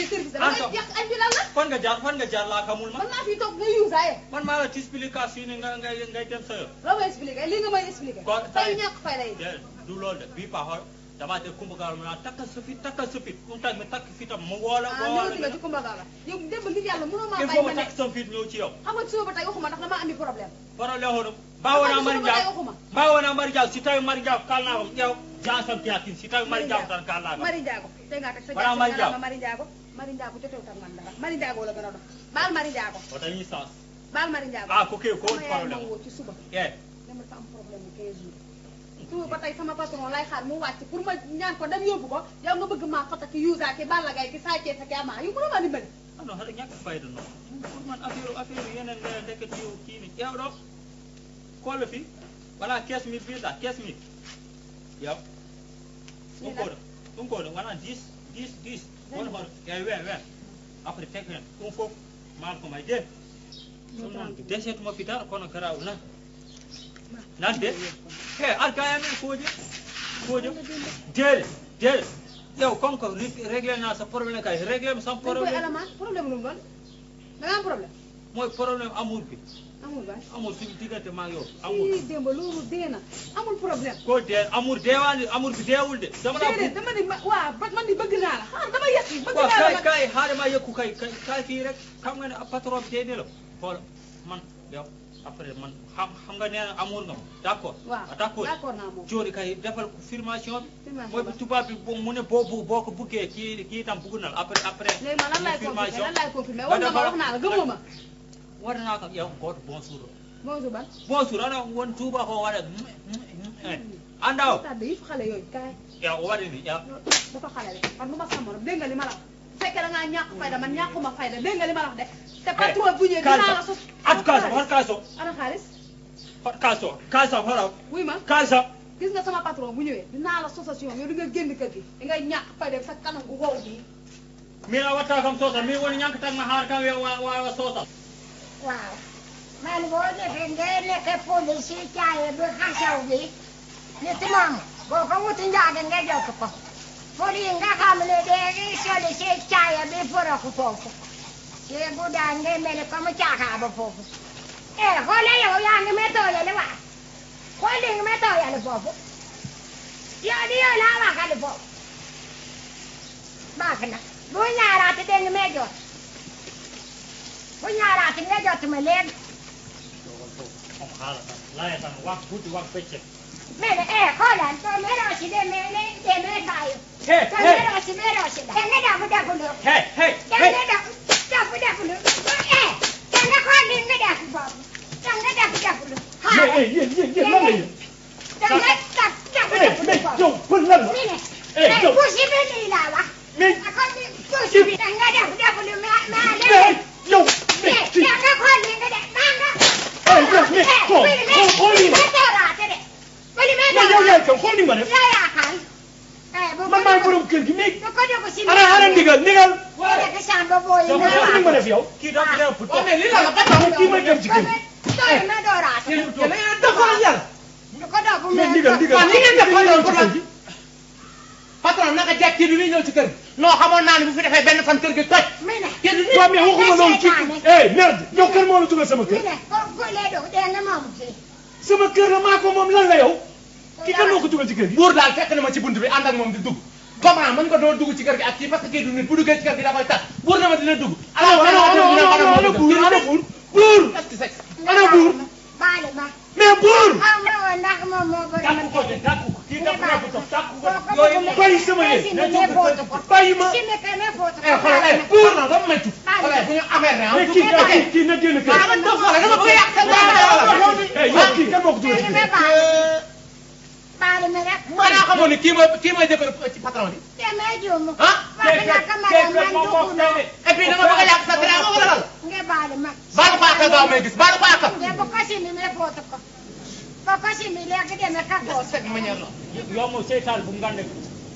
tey kër gi dama lay yàq ay mbiram la fan nga jaar fan nga jaar laa xamul ma man maa fi toog nga yuus ay man maa la ci explication ni nga ngay ngay dem sa yoon loo may expliqué eh, li nga may expliqué tey ñàkk fay lay ya, du loolu de bii paaxool damaa de kumba gaal mu naan takka sa fit takka sa fit mu tag mi takk fitam mu woo ah, la woo la nga ci kumba gaal yow dem ngir yàlla mënoo maa bàyyi ma takk sa fit ñëw ci yow xam nga suba ba oh, tey waxuma ndax dama ami problème problème xoonam oh, baawoon naa mari jaw baawoon naa mari jaw si tawi Marindago, njaago jotewtan man Marindago mari njaago la gën a dox baal mari njaago o dañuy sens baal mari njaago ah ko kee ko problème woo ci suba eh dama fa am problème 15 jours suba ba tey sama patron lay xaar mu wàcc pour ma ñaan ko dem yóbbu ko ki yuusa ki balla gay wala 15000 fii sax 15000 yow un wala 10 this, this, one horse. Yeah, where, where? Après, quelqu'un, qu'on faut, mal comme aïe. Descends mon pitar, qu'on a carré ou non. Nan de? Hey, alkaya min koje? Koje? Del, del. Yow comme que réglé naa sa problème kay, réglé sa problème. Problème lu mu doon? Da nga am problème? Mooy problème amour bi. amul baay amul suñu diggante maa ngi yow. amul na amul problème. koo dee amul deewaani amul bi de. dama la déedéet dama bëgg naa la xaar dama yàq bëgg naa kay kay xaaral maa yëkku kay kay fii rek xam nga ne patron bi day ne la xool man yow man xam xam nga nee na amour nga ma d'accord. waaw ah, d'accord joori kay defal ko formation bi. mooy tubaab bi boo mu ne boo bu boo ko buggee kii kii tam bugg na la après après. léegi man lan laay confirmer lan laay ma wax naa la ma wotana kam ƴeew goto bonjour o bonjour ban bonjour ana won tuubako waɗa anda o tadde yif xale yooyu kaay ƴeew o waɗini ƴeew dafa xale le par numa samorom dégg nga li ma la fekkee da ngaa ñàkk fayda man ñàkkuma fayda dégg nga li ma la wax de te patron bu ñëwee dinaa la sos at kaaso hot kaaso ana xaalis hot kaaso kaasa horaw wuy ma kaasa gis nga sama patron bu ñëwee dinaa la sosation yow di nga génn kër gi di nga ñàkk fayda sa kanam gu wow bii min a watta kam soosal min woni ñankatan ma haar kam wa wa soosa Wow. Men går ned till polisen i Kärreby, Hasselvik. Lite mamma. Bakın bütün dağında döküp o. Fırında hamile değeri söylese çaya bir bırakıp olsun. Şey bu dağında melikamı çakabı olsun. E, kolay o yanıma doyalı var. Koluma doyalı olsun. Yani yola bakalım olsun. Bakın, bu yaratı denime görsün. Hakkında götürmeler. Mene e kolan to mera şide mene de me kayo. Hey hey. Mera şide mera şide. Kene da bu da bunu. Hey hey. Kene da da bu da bunu. E. Kene kolin me da bu babu. Kene da bu da bunu. Ha. Ye ye ye ye mene ye. Kene da da bu da bunu. Hey yo pullar. Mene. Hey yo. Bu şibe değil ala. Mene. Akon bu şibe. Kene da bu bunu. kaw xool ni ma def. yaa yaakaar. Eh, man maay borom gi mais. ba ko def ko si ndigal ana ana ndigal ndigal. boo def saa ba booy. ndax ni ma def yow. kii donc dina pour toog mais li la la ba taxaw a mooy dem ci kër gi. tooy na eh. dooraat. kii toog dafa yàlla. da ko doog mais ndigal ndigal man li ngeen def patron pour lan patron naka jekk kii bi muy ñëw ci kër gi. non xamoon naa ne bu fi defee benn fan kër gi toj. mais nag kër gi waaw mais waxuma loolu ci. eh merde yow kër moo la tugal sama la yow ki kan moo ko dugal buur daal fekk na ma ci bunt bi ànd ak moom di dugg comment mën nga doon dugg ci kër gi ak kii parce que kii du nit bu ci kër gi da koy tax buur na ma dina dugg alors ana buur buur buur ana buur mais buur dàkk ko de dàkk ko kii dàkk naa ko toog eh, eh, buur sa dama xanaa xamoon ne kii mooy kii mooy jëkkër ci patron bi. te may juum. ah tey tey tey tey moom moom tey de. et puis dama bëgg a yàq sa dara wala lan. nga baal ma. baal ko àq gaaw may gis baal ko àq. mais bu ko simi mais footu ko. bu ko simi léegi dina ka footu. yow moom seytaan bu ngande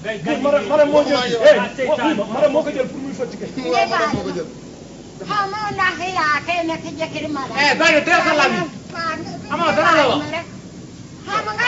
ngay gàncax gi maram moo ko jël pour muy fatigué. nga baal ma xaw ma ndax yaa kay nekk jëkkër ma la. eh bàyyi dee sa lami. amoo dara la wax.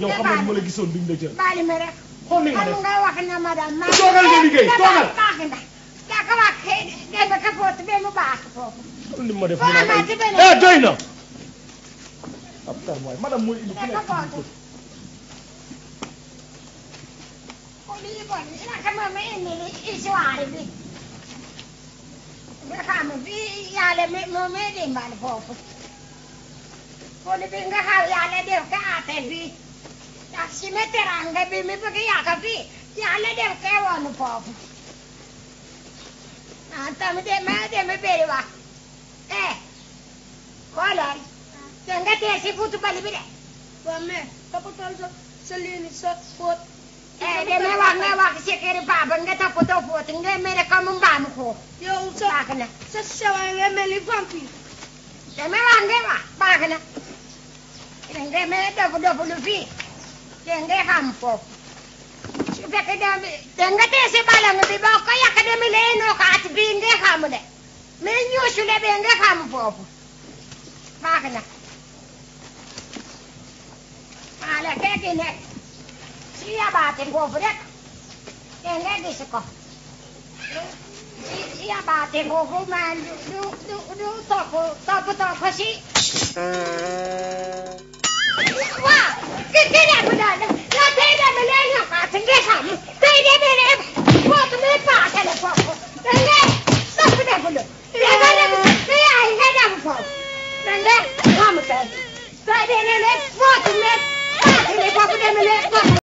yow xam nga la gisoon duñ la jël. li nga wax na madame. maa ngi toogal nga liggéey toogal baax na. kaka wax dégg nga foofu bee mu baax foofu. xool li ma def mu eh, doy na. ab mooy madame mooy indi ku nekk ko. moom ma indi histoire bi. dafa am fii yàlla mi moo may dimbali def ka aate fii. పశ్చిమెత్తి రంగ బిమ్మిపకి ఎగపి ఎల్లది ఎవకే వను పాపు తమిదేమే దేమి బెరివా ఏ ఓలారి దొంగ తీసి పూతు బలిబిరే బొమ్మే తప్పుతో చెల్లిని సోత్ ఏదేమే వాగ్నే వాగ్ సికిరి బాబంగ తప్పుతో పోతుంగే మేరే కమ్మ బాముకో యో సాగన సస్సవాంగే మెలి పంపి దేమే వాంగే వా బాగన ఇదంగే మే డబ్బు డబ్బులు fee dende campo. Perché dende te se balang di bocca ya, e che mi leno cat binde ya, camne. Mi gnu sulle bende campo. Ya, Magna. Male che che ne. Si abate in cofre. Dende di du du du in du du du tocco, tocco, tocco sì. 哇！这这两个的，那那这个没脸上挂，真该上。